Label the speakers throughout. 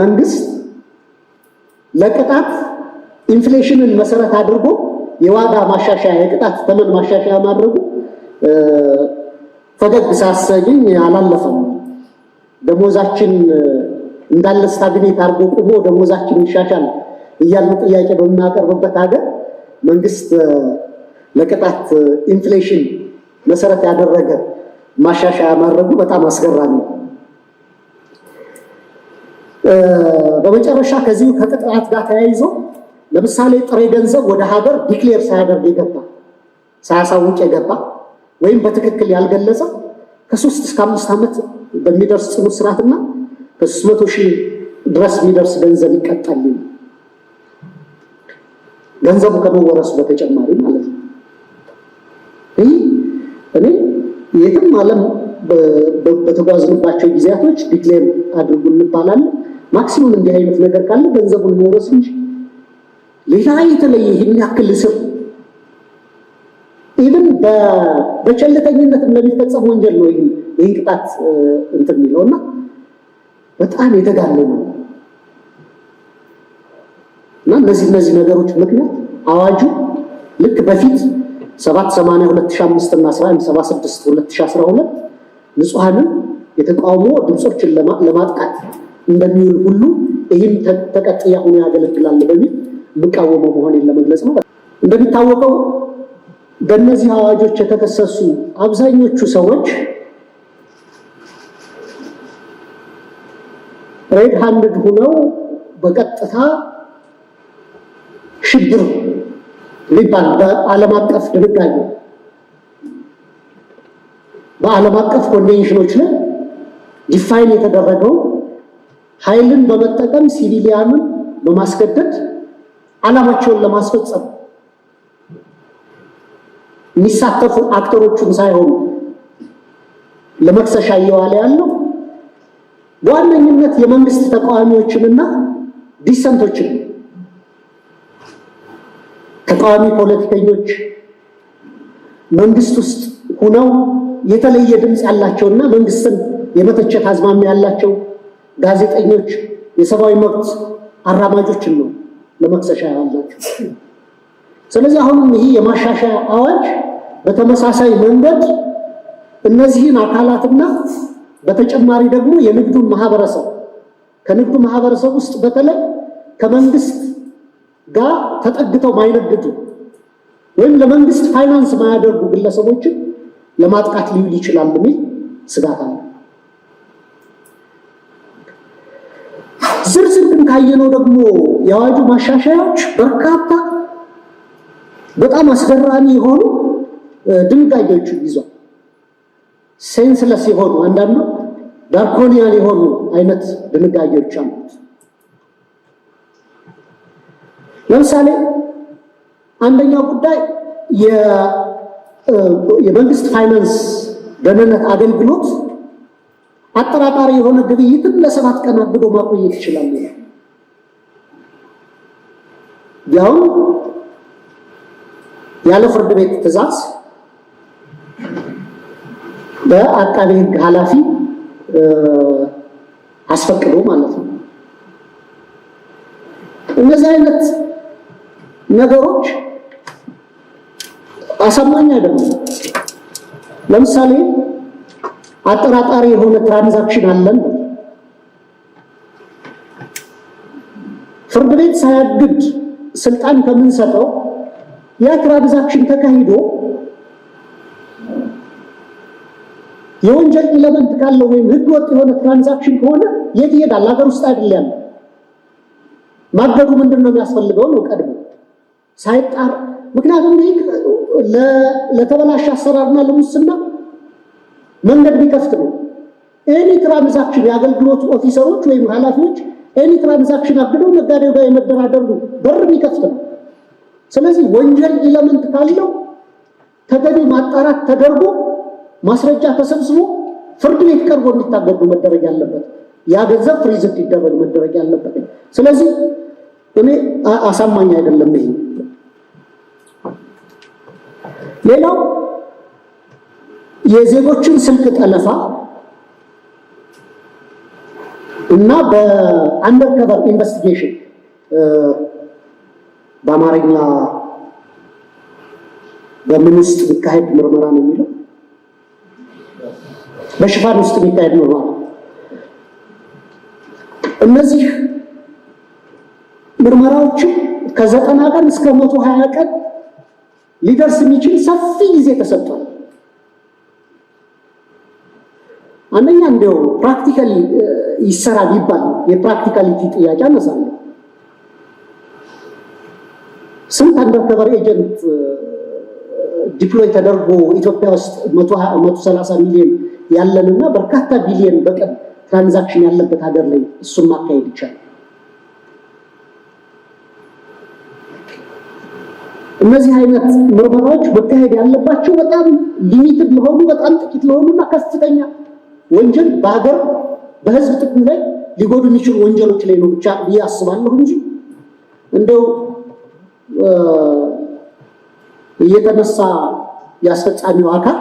Speaker 1: መንግስት ለቅጣት ኢንፍሌሽንን መሰረት አድርጎ የዋጋ ማሻሻያ የቅጣት ተመን ማሻሻያ ማድረጉ ፈገግ ሳሰኝ አላለፈም። ደሞዛችን እንዳለ ስታግኔት አድርጎ ቁሞ ደሞዛችን ይሻሻል እያሉ ጥያቄ በምናቀርብበት ሀገር መንግስት ለቅጣት ኢንፍሌሽን መሰረት ያደረገ ማሻሻያ ማድረጉ በጣም አስገራሚ ነው። በመጨረሻ ከዚሁ ከቅጥራት ጋር ተያይዞ ለምሳሌ ጥሬ ገንዘብ ወደ ሀገር ዲክሌር ሳያደርግ የገባ ሳያሳውቅ የገባ ወይም በትክክል ያልገለጸ ከሶስት እስከ አምስት ዓመት በሚደርስ ጽኑ እስራትና ከሶስት መቶ ሺህ ድረስ የሚደርስ ገንዘብ ይቀጣል። ገንዘቡ ከመወረሱ በተጨማሪ ማለት ነው። ይህ እኔ የትም ዓለም በተጓዝንባቸው ጊዜያቶች ዲክሌር አድርጉ እንባላለን። ማክሲሙም እንዲህ አይነት ነገር ካለ ገንዘቡን መውረስ እንጂ ሌላ የተለየ ይህን ያክል ስር ኢቭን በቸልተኝነት ለሚፈጸም ወንጀል ነው ይህን ቅጣት እንትን የሚለው እና በጣም የተጋለ ነው እና እነዚህ እነዚህ ነገሮች ምክንያት አዋጁ ልክ በፊት 78205 እና 76 2012 ንጹሐንን የተቃውሞ ድምፆችን ለማጥቃት እንደሚውል ሁሉ ይህም ተቀጥያ ሆኖ ያገለግላል በሚል የምቃወመው መሆኔን ለመግለጽ ነው። እንደሚታወቀው በእነዚህ አዋጆች የተከሰሱ አብዛኞቹ ሰዎች ሬድ ሃንድድ ሆነው በቀጥታ ሽብር ሊባል በዓለም አቀፍ ድንጋጌ በዓለም አቀፍ ኮንቬንሽኖች ላይ ዲፋይን የተደረገው ኃይልን በመጠቀም ሲቪሊያንን በማስገደድ ዓላማቸውን ለማስፈጸም የሚሳተፉ አክተሮቹን ሳይሆኑ ለመክሰሻ እየዋለ ያለው በዋነኝነት የመንግስት ተቃዋሚዎችንና ዲሰንቶችን ተቃዋሚ ፖለቲከኞች መንግስት ውስጥ ሁነው የተለየ ድምፅ ያላቸውና መንግስትን የመተቸት አዝማሚያ ያላቸው ጋዜጠኞች፣ የሰብአዊ መብት አራማጆችን ነው ለመክሰሻ ያላቸው። ስለዚህ አሁንም ይህ የማሻሻያ አዋጅ በተመሳሳይ መንገድ እነዚህን አካላትና በተጨማሪ ደግሞ የንግዱን ማህበረሰብ ከንግዱ ማህበረሰብ ውስጥ በተለይ ከመንግስት ጋር ተጠግተው ማይነግዱ ወይም ለመንግስት ፋይናንስ ማያደርጉ ግለሰቦችን ለማጥቃት ሊውል ይችላል የሚል ስጋት አለ። ካየነው ደግሞ የአዋጁ ማሻሻያዎች በርካታ በጣም አስገራሚ የሆኑ ድንጋጌዎችን ይዟል። ሴንስለስ የሆኑ አንዳንዱ ዳርኮኒያን የሆኑ አይነት ድንጋጌዎች አሉት። ለምሳሌ አንደኛው ጉዳይ የመንግስት ፋይናንስ ደህንነት አገልግሎት አጠራጣሪ የሆነ ግብይትን ለሰባት ቀን አግዶ ማቆየት ይችላል። ያውም ያለ ፍርድ ቤት ትዕዛዝ በአቃቤ ሕግ ኃላፊ አስፈቅዶ ማለት ነው። እነዚህ አይነት ነገሮች አሳማኝ አይደሉም። ለምሳሌ አጠራጣሪ የሆነ ትራንዛክሽን አለን ፍርድ ቤት ሳያግድ ስልጣን ከምንሰጠው ያ ትራንዛክሽን ተካሂዶ የወንጀል ኢለመንት ካለው ወይም ህግ ወጥ የሆነ ትራንዛክሽን ከሆነ የት ይሄዳል? ሀገር ውስጥ አይደል ያለ። ማገዱ ምንድን ነው የሚያስፈልገው ነው ቀድሞ ሳይጣር። ምክንያቱም ይህ ለተበላሽ አሰራርና ለሙስና መንገድ ቢከፍት ነው። ኤኒ ትራንዛክሽን የአገልግሎት ኦፊሰሮች ወይም ኃላፊዎች ኤኒ ትራንዛክሽን አግደው ነጋዴው ጋር የመደራደር በር የሚከፍት ነው። ስለዚህ ወንጀል ኢለመንት ካለው ተገቢ ማጣራት ተደርጎ ማስረጃ ተሰብስቦ ፍርድ ቤት ቀርቦ እንዲታገዱ መደረግ ያለበት ያ ገንዘብ ፍሪዝ እንዲደረግ መደረግ ያለበት። ስለዚህ እኔ አሳማኝ አይደለም ይሄ። ሌላው የዜጎችን ስልክ ጠለፋ እና በአንደርከቨር ኢንቨስቲጌሽን በአማርኛ በምን ውስጥ የሚካሄድ ምርመራ ነው የሚለው በሽፋን ውስጥ የሚካሄድ ምርመራ እነዚህ ምርመራዎችም ከዘጠና ቀን እስከ መቶ ሀያ ቀን ሊደርስ የሚችል ሰፊ ጊዜ ተሰጥቷል። አንደኛ እንደው ፕራክቲካል uh, ይሰራ ቢባል የፕራክቲካሊቲ ጥያቄ አነሳለሁ። ስንት አንደርከቨር ኤጀንት uh, ዲፕሎይ ተደርጎ ኢትዮጵያ ውስጥ 130 ሰላሳ ሚሊዮን ያለንና በርካታ ቢሊዮን በቀን ትራንዛክሽን ያለበት ሀገር ላይ እሱን ማካሄድ ይቻላል። እነዚህ አይነት ምርመራዎች መካሄድ ያለባቸው በጣም ሊሚትድ ለሆኑ በጣም ጥቂት ለሆኑና ከፍተኛ ወንጀል በሀገር በህዝብ ጥቅም ላይ ሊጎዱ የሚችሉ ወንጀሎች ላይ ነው ብቻ ብዬ አስባለሁ እንጂ እንደው እየተነሳ የአስፈጻሚው አካል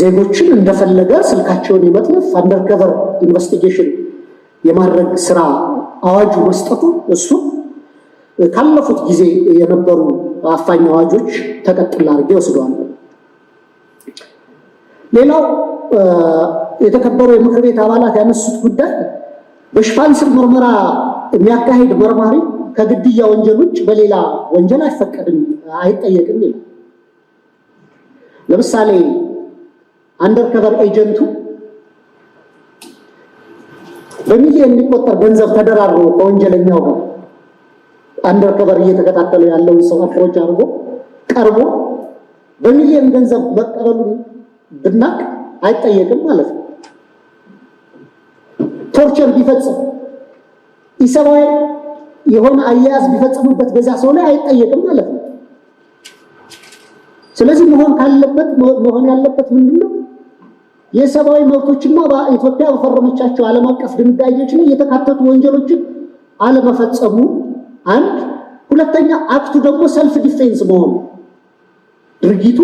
Speaker 1: ዜጎችን እንደፈለገ ስልካቸውን የመጥለፍ አንደርከቨር ኢንቨስቲጌሽን የማድረግ ስራ አዋጁ መስጠቱ እሱ ካለፉት ጊዜ የነበሩ አፋኝ አዋጆች ተቀጥላ አድርጌ ወስደዋል። ሌላው የተከበሩ የምክር ቤት አባላት ያነሱት ጉዳይ በሽፋን ስር ምርመራ የሚያካሄድ መርማሪ ከግድያ ወንጀል ውጭ በሌላ ወንጀል አይፈቀድም፣ አይጠየቅም ይላል። ለምሳሌ አንደርከቨር ኤጀንቱ በሚሊዮን የሚቆጠር ገንዘብ ተደራርቦ ከወንጀለኛው ጋር አንደርከቨር እየተከታተሉ ያለውን ሰው አድርጎ ቀርቦ በሚሊዮን ገንዘብ መቀበሉን ብናቅ አይጠየቅም ማለት ነው። ቶርቸር ቢፈጽም ኢሰብአዊ የሆነ አያያዝ ቢፈጽሙበት በዛ ሰው ላይ አይጠየቅም ማለት ነው። ስለዚህ መሆን ካለበት መሆን ያለበት ምንድን ነው? የሰብአዊ መብቶችና በኢትዮጵያ በፈረመቻቸው ዓለም አቀፍ ድንጋጌዎች ላይ የተካተቱ ወንጀሎችን አለመፈጸሙ አንድ፣ ሁለተኛ አክቱ ደግሞ ሰልፍ ዲፌንስ መሆኑ ድርጊቱ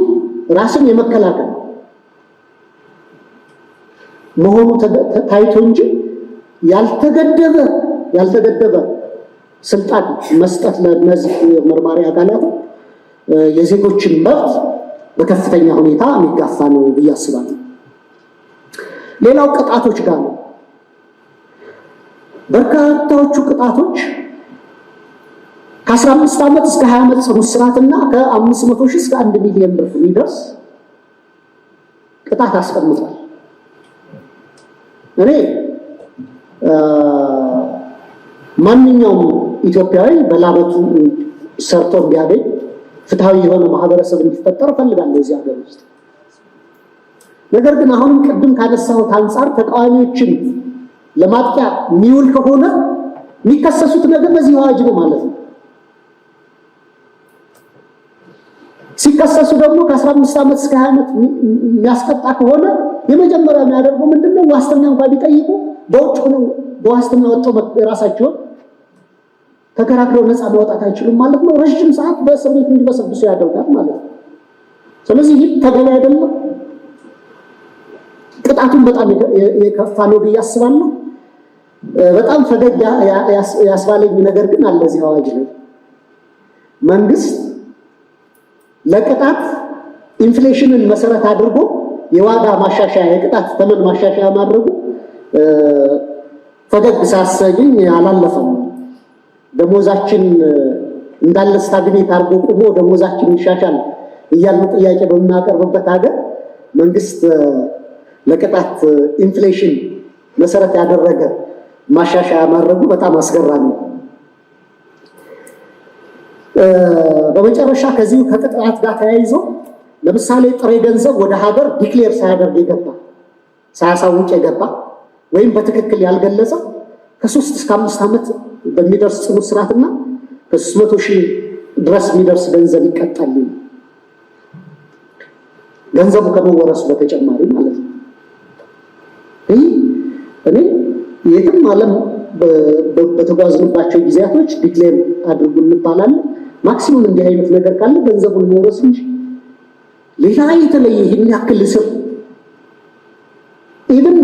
Speaker 1: ራስን የመከላከል መሆኑ ታይቶ እንጂ ያልተገደበ ያልተገደበ ስልጣን መስጠት ለእነዚህ መርማሪ አካላት የዜጎችን መብት በከፍተኛ ሁኔታ የሚጋፋ ነው ብዬ አስባለሁ። ሌላው ቅጣቶች ጋር ነው። በርካታዎቹ ቅጣቶች ከ15 ዓመት እስከ 20 ዓመት ጽኑ እስራትና ከ500 ሺህ እስከ 1 ሚሊዮን ብር የሚደርስ ቅጣት አስቀምጧል። እኔ ማንኛውም ኢትዮጵያዊ በላበቱ ሰርቶ ቢያገኝ ፍትሐዊ የሆነ ማህበረሰብ እንዲፈጠር እፈልጋለሁ እዚህ ሀገር ውስጥ። ነገር ግን አሁንም ቅድም ካነሳሁት አንጻር ተቃዋሚዎችን ለማጥቂያ የሚውል ከሆነ የሚከሰሱት ነገር በዚህ አዋጅ ነው ማለት ነው። ሲከሰሱ ደግሞ ከ15 ዓመት እስከ 20 ዓመት የሚያስቀጣ ከሆነ የመጀመሪያ የሚያደርጉ ምንድነው? ዋስትና እንኳን ቢጠይቁ በውጭ ሆነው በዋስትና ወጥተው ራሳቸውን ተከራክረው ነፃ ማውጣት አይችሉም ማለት ነው። ረዥም ሰዓት በእስር ቤት እንዲበሰብሱ ያደርጋል ማለት ነው። ስለዚህ ይህ ተገቢ አይደለም። ቅጣቱን በጣም የከፋ ነው ብዬ አስባለሁ። በጣም ፈገግ ያስባለኝ ነገር ግን አለ እዚህ አዋጅ ላይ መንግስት ለቅጣት ኢንፍሌሽንን መሰረት አድርጎ የዋጋ ማሻሻያ የቅጣት ተመን ማሻሻያ ማድረጉ ፈገግ ሳሰኝ አላለፈም። ደሞዛችን እንዳለ ስታግኔት አድርጎ ቁሞ ደሞዛችን ይሻሻል እያሉ ጥያቄ በምናቀርብበት ሀገር መንግስት ለቅጣት ኢንፍሌሽን መሰረት ያደረገ ማሻሻያ ማድረጉ በጣም አስገራሚ ነው። በመጨረሻ ከዚሁ ከቅጥላት ጋር ተያይዞ ለምሳሌ ጥሬ ገንዘብ ወደ ሀገር ዲክሌር ሳያደርግ የገባ ሳያሳውቅ የገባ ወይም በትክክል ያልገለጸ ከሶስት እስከ አምስት ዓመት በሚደርስ ጽኑ እስራትና ከሶስት መቶ ሺህ ድረስ የሚደርስ ገንዘብ ይቀጣል። ገንዘቡ ከመወረሱ በተጨማሪ ማለት ነው። ይህ እኔ የትም ዓለም በተጓዝንባቸው ጊዜያቶች ዲክሌር አድርጉ እንባላለን። ማክሲሙም እንዲህ አይነት ነገር ካለ ገንዘቡን መውረስ እንጂ ሌላ የተለየ ይህን ያክል ስር ኢቭን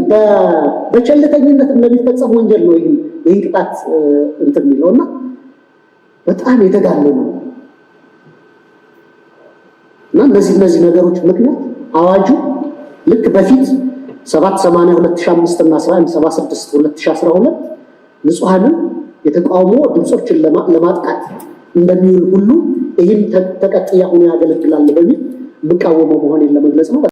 Speaker 1: በቸልተኝነትም ለሚፈጸም ወንጀል ነው ይህን ቅጣት እንትን የሚለው እና በጣም የተጋለ ነው እና እነዚህ እነዚህ ነገሮች ምክንያት አዋጁ ልክ በፊት 78205 እና 1176 2012 ንጹሐንን የተቃውሞ ድምፆችን ለማጥቃት እንደሚውል ሁሉ ይህም ተቀጥያ ሁኖ ያገለግላል በሚል የምቃወመው መሆኔን ለመግለጽ ነው።